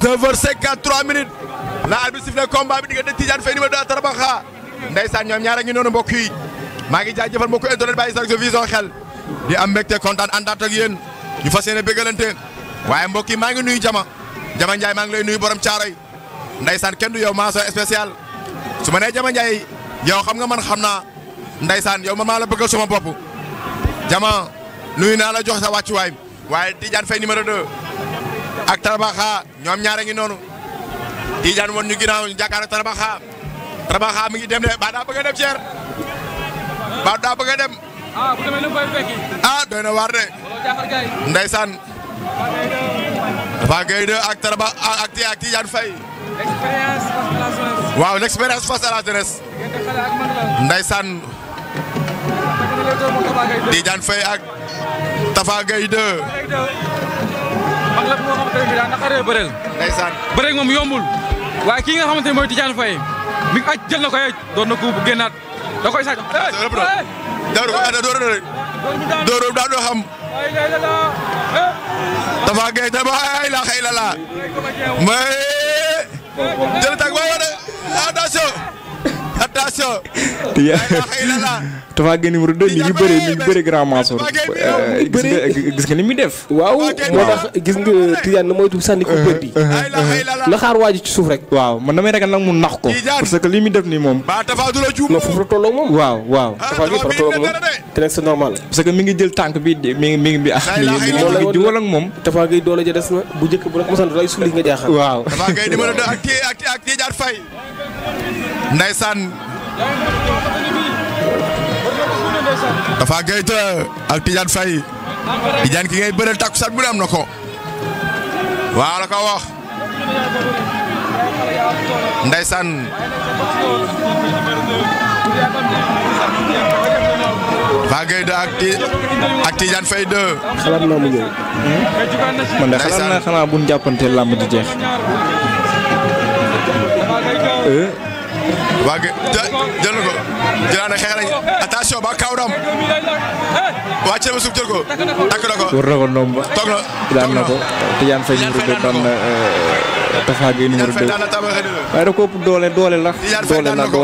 9 heures 53 minutes la arbitre sifflé combat bi diggante Tidiane Faye numéro 2 Tarbaxa ndeysaan ñoom ñaar a ngi noonu mbokk yi maa ngi jaajëfal mbokku internet bàyyi sa vision xel di am mbégte kontaan àndaat ak yéen ñu fas yéene bégalante waaye mbokk yi maa ngi nuyu jama jama Ndiaye maa ngi lay nuyu borom caaroy ndeysaan kenn du yow mention spéciale su ma nee jama Ndiaye yow xam nga man xam naa ndeysaan yow ma maa la bëggal sama bopp jama nuyu naa la jox sa wàccuwaay waaye Tidiane Faye numéro 2. ak tarbaha ñom ñaare ngi noonu Tidiane won ñu ginaaw ñu jàkkaar tarbaha Tarbaxa mi ngi dem de ba da bëgg dem cher ba da bëgg dem ah bu demé lu koy fekki ah doy na waar de ndeysaan dafa ngay de ak Tarba ak ak Tidiane Faye expérience face l'expérience face à la jeunesse ndeysaan Tidiane fay ak Tafa Gueye de daa naqaree bëreel. ndeysaan bëreel moom yombul. waaye ki nga xamante ne mooy Tidiane Faye mi ngi aj jël na ko aj eh, doon na ko bu génnaat da koy sàcc. Eh, dawru ko ada eh. dóor rek ah, dóor daa doo xam Tapha Gueye Tapha ay la xëy la laa mais jël tag waaye attention attention dafa génn numéro 2 mi ngi bëri mi ngi bëri grand Mansour gis nga gis nga ni def waaw moo tax gis nga Tidiane na moytu sànni ko bët bi xaar waa ci suuf rek waaw man damay ragal nag mu nax ko parce que li muy def waaw waaw dafa gi c'est normal parce que mi ngi jël tànk bi mi ngi mi ngi bi ah di wal ak mom, dafa gi doole ja des na bu njëkk bu rek mosan ray suli nga jaaxal waaw dafa gay numéro ak ak dafa Gueye ak Tidiane fay Tidiane ki ngay takku sat bu dem nako wala ko wax ndaysan Tapha Gueye ak Tidiane fay de xalaat naa mu ñëw man da xalaat na xana bu ñu jàppante di jeex waa ge jël na ko jëlaat na xeex nañu attention ba kaw dam wàcc na ma suuf jël ko takk na ko war na ko ndomba toog na daan na ko Tidiane Faye numéro 2 daan na euh, Tafa Gueye waaye da doole doole la doole la